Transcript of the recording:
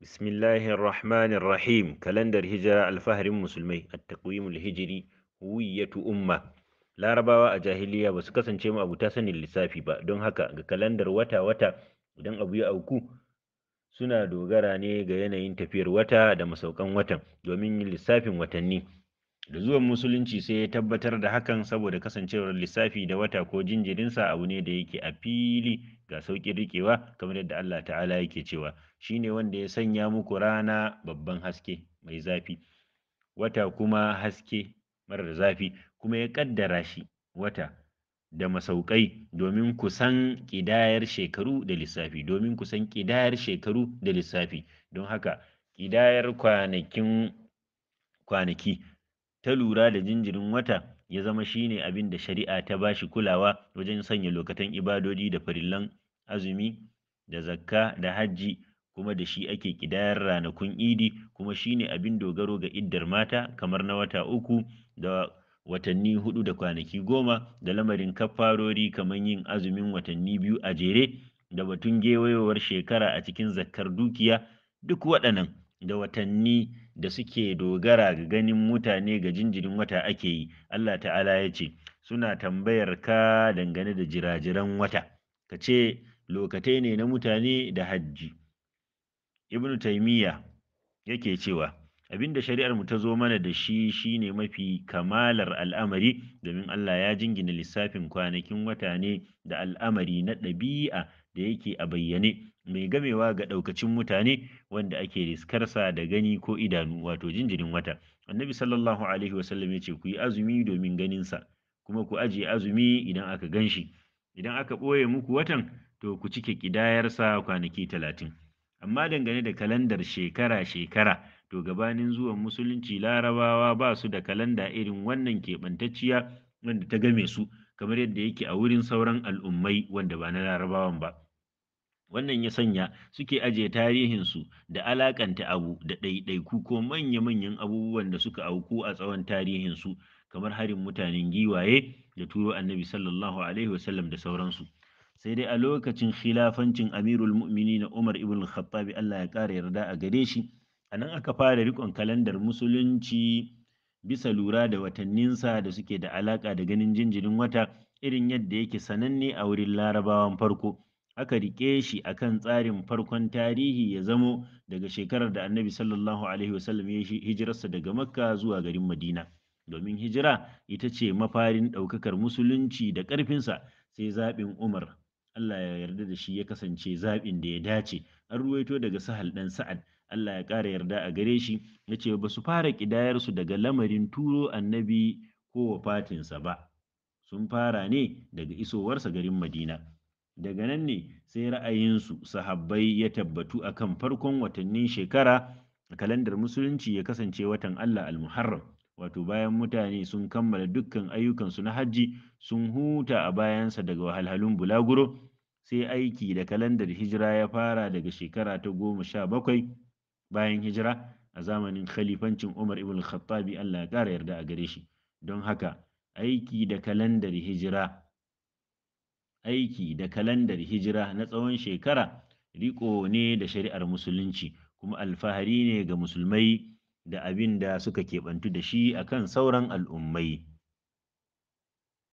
bismillahir rahmanir rahim kalandar hijira alfaharin musulmai at-taqwimul hijri huwiyatu umma larabawa a jahiliya ba su kasance mu abu ta sanin lissafi ba don haka ga kalandar wata wata idan abu ya auku suna dogara ne ga yanayin tafiyar wata da masaukan watan domin yin lissafin watanni da zuwan musulunci sai ya tabbatar da hakan saboda kasancewar lissafi da wata ko jinjirinsa abu ne da yake a fili ga sauƙin riƙewa kamar yadda Allah ta'ala yake cewa Shi ne wanda ya sanya muku rana babban haske mai zafi wata kuma haske marar zafi kuma ya ƙaddara shi wata da masaukai domin ku san ƙidayar shekaru da lissafi domin ku san ƙidayar shekaru da lissafi don haka ƙidayar kwanakin kwanaki ta lura da jinjirin wata ya zama shine abin da shari'a ta ba shi kulawa wajen sanya lokatan ibadodi da farillan azumi da zakka da hajji kuma da shi ake ƙidayar ranakun idi kuma shi ne abin dogaro ga iddar mata kamar na wata uku da watanni hudu da kwanaki goma da lamarin kafarori kamar yin azumin watanni biyu a jere da batun gewayowar shekara a cikin zakkar dukiya duk waɗannan da watanni da suke dogara ga ganin mutane ga jinjirin wata ake yi Allah ta'ala ya ce suna tambayar ka dangane da jirajiran wata ka ce lokatai ne na mutane da hajji ibnu taimiyya yake cewa abinda shari'ar mu ta zo mana da shi shine mafi kamalar al'amari domin Allah ya jingina lissafin kwanakin wata ne da al'amari na ɗabi'a da yake a bayyane mai gamewa ga ɗaukacin mutane wanda ake riskarsa da gani ko idanu wato jinjirin wata annabi sallallahu alaihi wasallam ya ce ku yi azumi domin ganinsa kuma ku ajiye azumi idan aka gan shi idan aka ɓoye muku watan to ku cike ƙidayarsa kwanaki talatin. Amma dangane da kalandar shekara-shekara, to gabanin zuwan musulunci larabawa ba su da kalanda irin wannan keɓantacciya wanda ta game su kamar yadda yake a wurin sauran al'ummai wanda ba na larabawan ba. Wannan ya sanya suke ajiye tarihinsu da alakanta abu da ɗaiɗaiku ko manya-manyan abubuwan da suka auku a tsawon tarihinsu kamar harin mutanen giwaye da turo annabi sallallahu alaihi wasallam da sauransu. sai dai a lokacin khilafancin amirul mu'mini na umar ibn khattabi allah ya ƙara yarda a gare shi a nan aka fara rikon kalandar musulunci bisa lura da watanninsa da suke da alaƙa da ganin jinjirin wata irin yadda yake sananne a wurin larabawan farko aka riƙe shi akan tsarin farkon tarihi ya zamo daga shekarar da annabi sallallahu alaihi wasallam ya hijirarsa daga makka zuwa garin madina domin hijira ita ce mafarin ɗaukakar musulunci da ƙarfinsa sai zaɓin umar Allah ya yarda da shi ya kasance zaɓin da ya dace an ruwaito daga sahal ɗan sa'ad Allah ya ƙara yarda a gare shi ya ce ba su fara ƙidayarsu daga lamarin turo annabi ko wafatinsa ba sun fara ne daga isowarsa garin madina daga nan ne sai ra'ayinsu sahabbai ya tabbatu a kan farkon watannin shekara kalandar musulunci ya kasance watan Allah al-Muharram wato bayan mutane sun kammala dukkan ayyukansu na hajji sun huta a bayansa daga wahalhalun bulaguro sai aiki da kalandar hijira ya fara daga shekara ta goma sha bakwai bayan hijira a zamanin khalifancin umar ibn khattabi allah ya ƙara yarda a gare shi don haka aiki da kalandar hijira aiki da kalandar hijira na tsawon shekara riko ne da shari'ar musulunci kuma alfahari ne ga musulmai da abin da suka keɓantu da shi akan sauran al'ummai